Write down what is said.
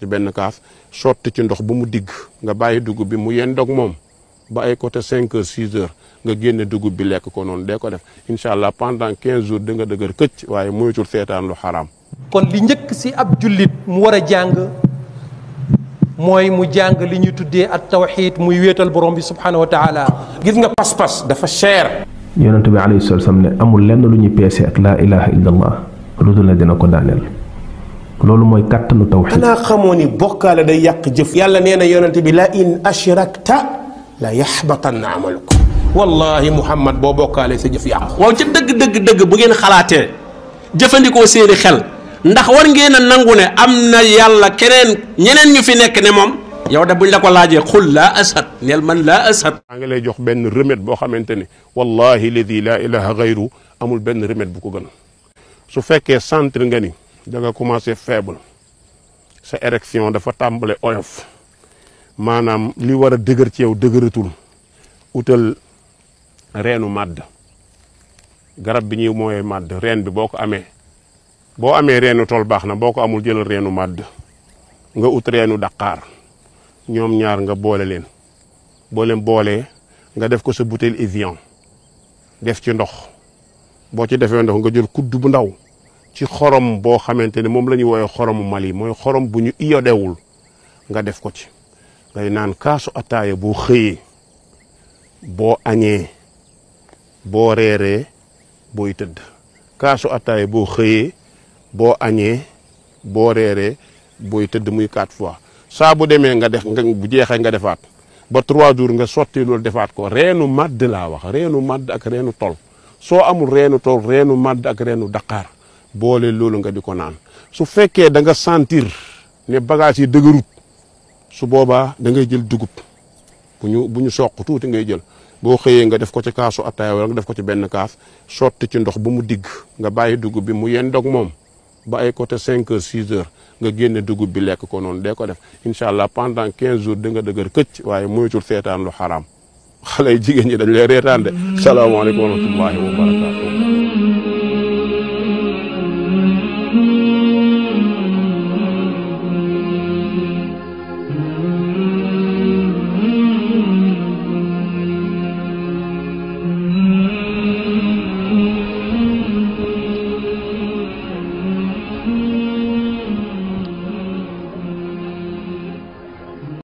ci ben kaas sorti ci ndox bu mu dig nga baye dugub bi mu yendoog mom ba ay côté 5 heures 6 heures nga génne dugub bi lek ko non dé ko def inshallah pendant 15 jours de nga dëgër këcc moy moytul sétan lu haram kon li njëkk ci ab julit mu wara jàng moy mu jàng li ñu tuddé at tawhid muy wétal borom bi subhanahu wa taala. gis nga pass pass dafa cher. yonent bi alayhi salaam ne amul lenn lu ñu peese ak la ilaha illallah lu dul ne dina ko daaneel. lolu moy kàttanu tawhid ana xamoni bokal day yak jëf yàlla neena na bi la in ashrakta la yahbatan amaluk wallahi muhammad bo bokkaale sa jëf yak waaw ci deug deug deug bu ngeen xalaatee jëfandikoo seeni xel ndax war ngeena nangune amna yàlla keneen ñeneen ñu fi nek ne mom yow da buñ la ko laaje khul la ashad nel man la ashad nga lay jox ben remède bo xamanteni wallahi ladhi la ilaha ghayru amul ben remède bu ko gën su fekke centre nga ni da nga commencé faible sa érection dafa tàmbale oyof maanaam li war a dëgër ci yow dëgëratul utal reenu màdd garab bi ñuy mooyee màdd reen bi boo ko amee boo amee reenu tool baax na boo ko amul jëlal reenu màdd nga ut reenu daqaar ñoom ñaar nga boole leen boo leen boolee nga def ko sa bouteille Evian def ci ndox boo ci defee ndox nga jël kudd bu ndaw ci xorom bo xamante mom lañu woyé xorom Mali moy xorom buñu iyo iyodewul nga def ko ci ngay naan kasu ataaya bo xëyee bo agné bo réré boy teud kasu ataaya bo xëyee bo agné bo réré boy teud muy 4 fois sa bu démé nga def nga bu jéxé nga defaat ba 3 jours nga soti lol defaat ko reenu mad la wax reenu mad ak reenu tol so amul reenu tol reenu mad ak reenu dakar boole loolu nga di ko naan su fekkee da nga sentir ne bagage yi dëgërut su boobaa da ngay jël dugub bu ñu bu ñu soq tuuti ngay jël boo xëyee nga def ko ci kaasu attaaya wala nga def ko ci benn kaas sotti ci ndox bu mu digg nga bàyyi dugub bi mu yendoog moom ba ay côté 5 heures 6 heures nga génne dugub bi lekk ko noonu dee ko def incha allah pendant quinze jours di nga dëgër këcc waaye moytul seetaan lu xaraam xale yi jigéen ñi dañ lay reetaan de mm-hmm. salaamaaleykum